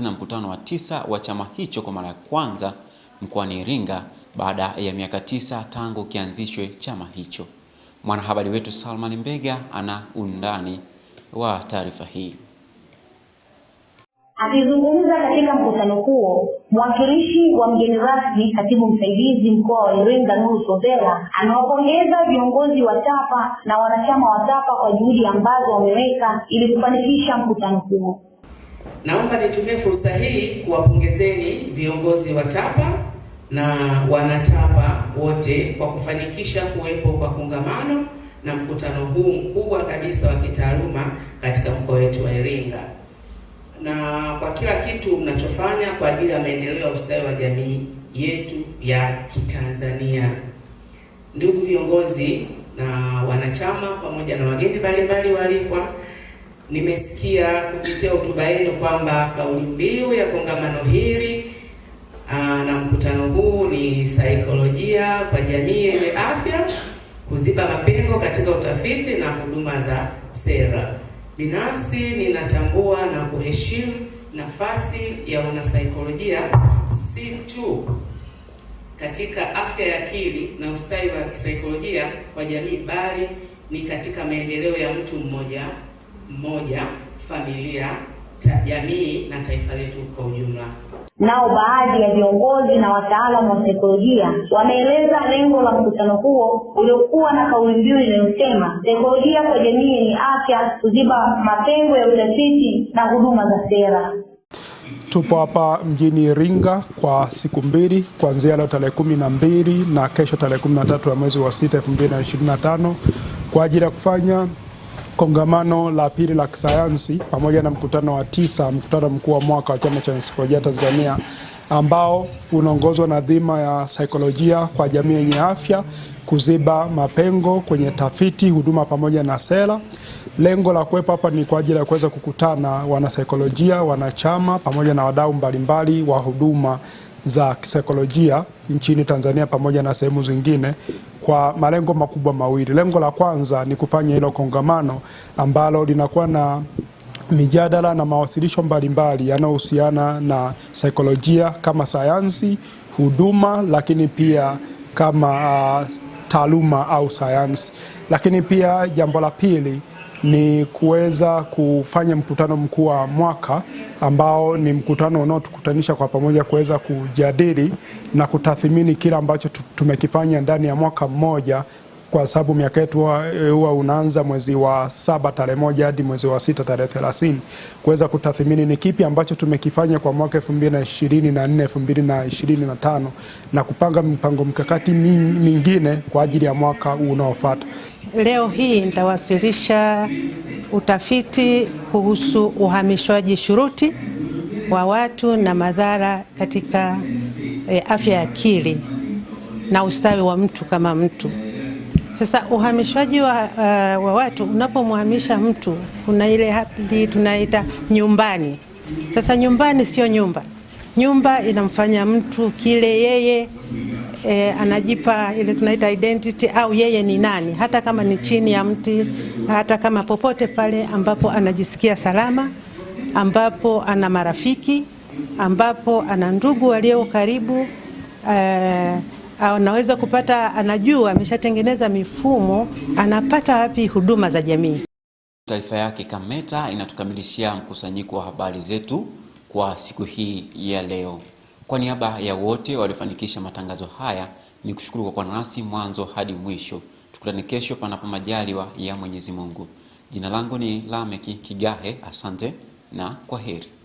na mkutano wa tisa wa chama hicho kwa mara ya kwanza mkoani Iringa baada ya miaka tisa tangu kianzishwe chama hicho. Mwanahabari wetu Salman Mbega ana undani wa taarifa hii. Akizungumza katika mkutano huo, mwakilishi wa mgeni rasmi, katibu msaidizi mkoa wa Iringa, Nuru Sovela, amewapongeza viongozi wa TAPA na wanachama wa TAPA kwa juhudi ambazo wameweka ili kufanikisha mkutano huo. Naomba nitumie fursa hii kuwapongezeni viongozi wa TAPA na wanatapa wote kwa kufanikisha kuwepo kwa kongamano na mkutano huu mkubwa kabisa wa kitaaluma katika mkoa wetu wa Iringa, na kwa kila kitu mnachofanya kwa ajili ya maendeleo ya ustawi wa jamii yetu ya Kitanzania. Ndugu viongozi na wanachama pamoja na wageni mbalimbali waalikwa Nimesikia kupitia hotuba yenu kwamba kauli mbiu ya kongamano hili ah, na mkutano huu ni saikolojia kwa jamii yenye afya, kuziba mapengo katika utafiti na huduma za sera. Binafsi ninatambua na kuheshimu nafasi ya wanasaikolojia si tu katika afya ya akili na ustawi wa kisaikolojia kwa jamii, bali ni katika maendeleo ya mtu mmoja mmoja, familia, jamii na taifa letu kwa ujumla. Nao baadhi ya viongozi na wataalamu wa saikolojia wameeleza lengo la mkutano huo uliokuwa na kauli mbiu inayosema saikolojia kwa jamii ni afya, kuziba mapengo ya utafiti na huduma za sera. Tupo hapa mjini Iringa kwa siku mbili kuanzia leo tarehe kumi na mbili na kesho tarehe kumi na tatu ya mwezi wa sita elfu mbili na ishirini na tano kwa ajili ya kufanya kongamano la pili la kisayansi pamoja na mkutano wa tisa, mkutano mkuu wa mwaka wa chama cha saikolojia Tanzania ambao unaongozwa na dhima ya saikolojia kwa jamii yenye afya, kuziba mapengo kwenye tafiti, huduma pamoja na sera. Lengo la kuwepo hapa ni kwa ajili ya kuweza kukutana wanasaikolojia, wanachama pamoja na wadau mbalimbali wa huduma za kisaikolojia nchini Tanzania pamoja na sehemu zingine kwa malengo makubwa mawili. Lengo la kwanza ni kufanya hilo kongamano ambalo linakuwa na mijadala na mawasilisho mbalimbali yanayohusiana na saikolojia kama sayansi, huduma, lakini pia kama uh, taaluma au sayansi. Lakini pia jambo la pili ni kuweza kufanya mkutano mkuu wa mwaka ambao ni mkutano unaotukutanisha kwa pamoja kuweza kujadili na kutathmini kile ambacho tumekifanya ndani ya mwaka mmoja kwa sababu miaka yetu eh, huwa unaanza mwezi wa saba tarehe moja hadi mwezi wa sita tarehe thelathini kuweza kutathimini ni kipi ambacho tumekifanya kwa mwaka elfu mbili na ishirini na nne elfu mbili na ishirini na tano na kupanga mpango mkakati mingine kwa ajili ya mwaka unaofuata. Leo hii nitawasilisha utafiti kuhusu uhamishwaji shuruti wa watu na madhara katika eh, afya ya akili na ustawi wa mtu kama mtu. Sasa uhamishwaji wa, uh, wa watu unapomhamisha mtu kuna ile hali tunaita nyumbani. Sasa nyumbani sio nyumba, nyumba inamfanya mtu kile yeye E, anajipa ile tunaita identity au yeye ni nani, hata kama ni chini ya mti, hata kama popote pale ambapo anajisikia salama, ambapo ana marafiki, ambapo ana ndugu walio karibu e, anaweza ah, kupata, anajua ameshatengeneza mifumo, anapata wapi huduma za jamii. Taarifa yake Kameta inatukamilishia mkusanyiko wa habari zetu kwa siku hii ya leo. Kwa niaba ya wote waliofanikisha matangazo haya, ni kushukuru kwa kuwa nasi mwanzo hadi mwisho. Tukutane kesho, panapo majaliwa ya Mwenyezi Mungu. Jina langu ni Lameki Kigahe. Asante na kwa heri.